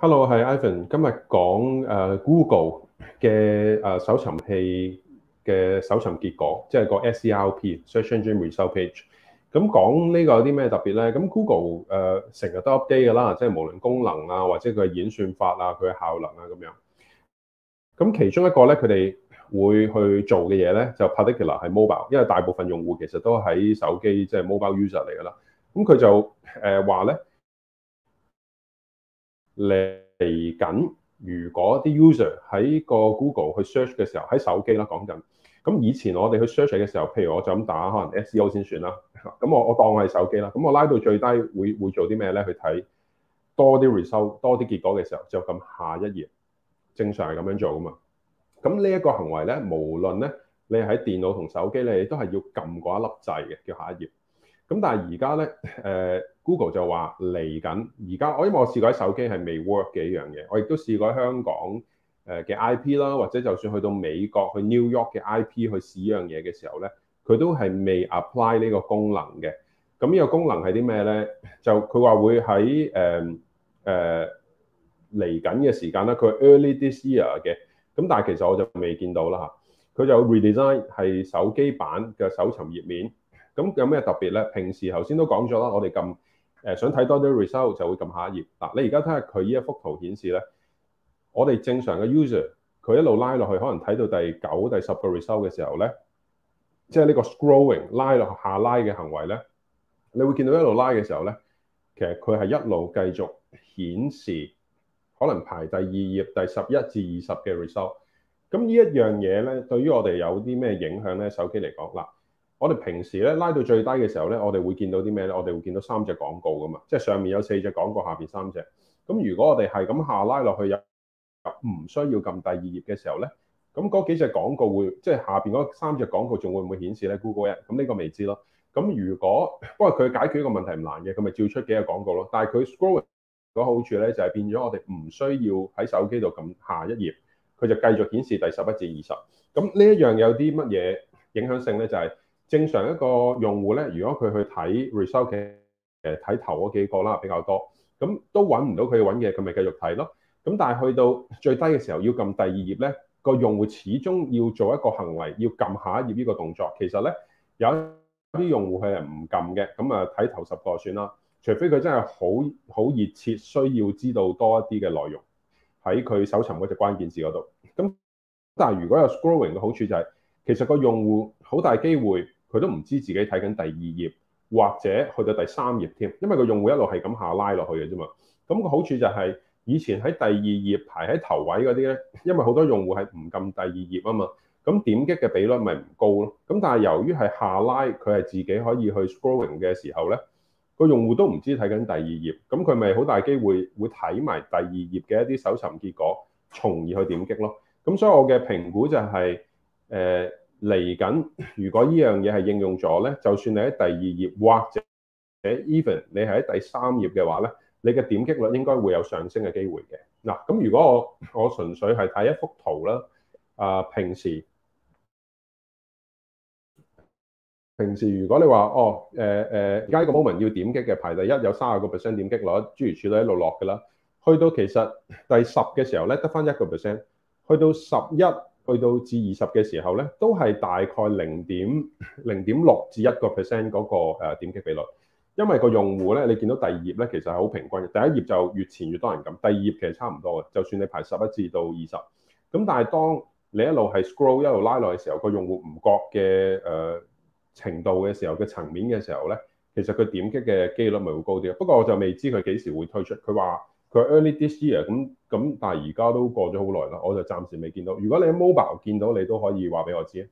Hello，我係 Ivan。今日講誒 Google 嘅誒搜尋器嘅搜尋結果，即係個 Serp（Search Engine Result Page）。咁講呢個有啲咩特別咧？咁 Google 誒、呃、成日都 update 噶啦，即係無論功能啊，或者佢嘅演算法啊，佢嘅效能啊咁樣。咁其中一個咧，佢哋會去做嘅嘢咧，就 particular 係 mobile，因為大部分用戶其實都喺手機，即係 mobile user 嚟噶啦。咁佢就誒話咧。呃嚟緊，如果啲 user 喺個 Google 去 search 嘅時候，喺手機啦講緊，咁以前我哋去 search 嘅時候，譬如我就咁打可能 SEO 先算啦，咁我我當我係手機啦，咁我拉到最低會會做啲咩咧？去睇多啲 result 多啲結果嘅時候，就撳下一頁。正常係咁樣做噶嘛。咁呢一個行為咧，無論咧你喺電腦同手機，你都係要撳嗰一粒掣嘅，叫下一頁。咁但係而家咧，誒 Google 就話嚟緊。而家我因為我試過喺手機係未 work 嘅一樣嘢，我亦都試過喺香港誒嘅 IP 啦，或者就算去到美國去 New York 嘅 IP 去試一樣嘢嘅時候咧，佢都係未 apply 呢個功能嘅。咁呢個功能係啲咩咧？就佢話會喺誒誒嚟緊嘅時間啦，佢 early this year 嘅。咁但係其實我就未見到啦嚇。佢就 redesign 係手機版嘅搜尋頁面。咁有咩特別咧？平時頭先都講咗啦，我哋撳誒想睇多啲 result 就會撳下一頁。嗱、啊，你而家睇下佢呢一幅圖顯示咧，我哋正常嘅 user 佢一路拉落去，可能睇到第九、第十個 result 嘅時候咧，即係呢個 scrolling 拉落下，下拉嘅行為咧，你會見到一路拉嘅時候咧，其實佢係一路繼續顯示可能排第二頁、第十一至二十嘅 result。咁呢一樣嘢咧，對於我哋有啲咩影響咧？手機嚟講啦。啊我哋平時咧拉到最低嘅時候咧，我哋會見到啲咩咧？我哋會見到三隻廣告噶嘛，即係上面有四隻廣告，下邊三隻。咁如果我哋係咁下拉落去，有唔需要撳第二頁嘅時候咧，咁嗰幾隻廣告會即係下邊嗰三隻廣告仲會唔會顯示咧？Google 一，d 咁呢個未知咯。咁如果不過佢解決個問題唔難嘅，佢咪照出幾隻廣告咯。但係佢 scroll 嗰好處咧，就係、是、變咗我哋唔需要喺手機度撳下一頁，佢就繼續顯示第十一至二十。咁呢一樣有啲乜嘢影響性咧？就係、是。正常一個用戶咧，如果佢去睇 result 嘅，誒睇頭嗰幾個啦，比較多，咁都揾唔到佢揾嘅，佢咪繼續睇咯。咁但係去到最低嘅時候要撳第二頁咧，個用戶始終要做一個行為，要撳下一頁呢個動作。其實咧，有啲用戶佢係唔撳嘅，咁啊睇頭十個算啦，除非佢真係好好熱切需要知道多一啲嘅內容喺佢搜尋嗰隻關鍵字嗰度。咁但係如果有 scrolling 嘅好處就係、是，其實個用戶好大機會。佢都唔知自己睇緊第二頁，或者去到第三頁添，因為個用戶一路係咁下拉落去嘅啫嘛。咁、那個好處就係以前喺第二頁排喺頭位嗰啲咧，因為好多用戶係唔撳第二頁啊嘛，咁點擊嘅比率咪唔高咯。咁但係由於係下拉，佢係自己可以去 scrolling 嘅時候咧，個用戶都唔知睇緊第二頁，咁佢咪好大機會會睇埋第二頁嘅一啲搜尋結果，從而去點擊咯。咁所以我嘅評估就係、是、誒。呃嚟緊，如果呢樣嘢係應用咗咧，就算你喺第二頁，或者 even 你係喺第三頁嘅話咧，你嘅點擊率應該會有上升嘅機會嘅。嗱、啊，咁如果我我純粹係睇一幅圖啦，啊，平時平時如果你話哦，誒、呃、誒，而、呃、家個 moment 要點擊嘅排第一有，有三十個 percent 點擊率，諸如此類一路落㗎啦，去到其實第十嘅時候咧，得返一個 percent，去到十一。去到至二十嘅時候呢，都係大概零點零點六至一個 percent 嗰個誒點擊比率。因為個用戶呢，你見到第二頁呢，其實係好平均嘅。第一頁就越前越多人撳，第二頁其實差唔多嘅。就算你排十一至到二十，咁但係當你一路係 scroll 一路拉落嘅時候，個用戶唔覺嘅誒、呃、程度嘅時候嘅層面嘅時候呢，其實佢點擊嘅機率咪會高啲。不過我就未知佢幾時會推出。佢話。佢 early this year 咁，但係而家都過咗好耐啦，我就暫時未見到。如果你喺 mobile 見到，你都可以話俾我知。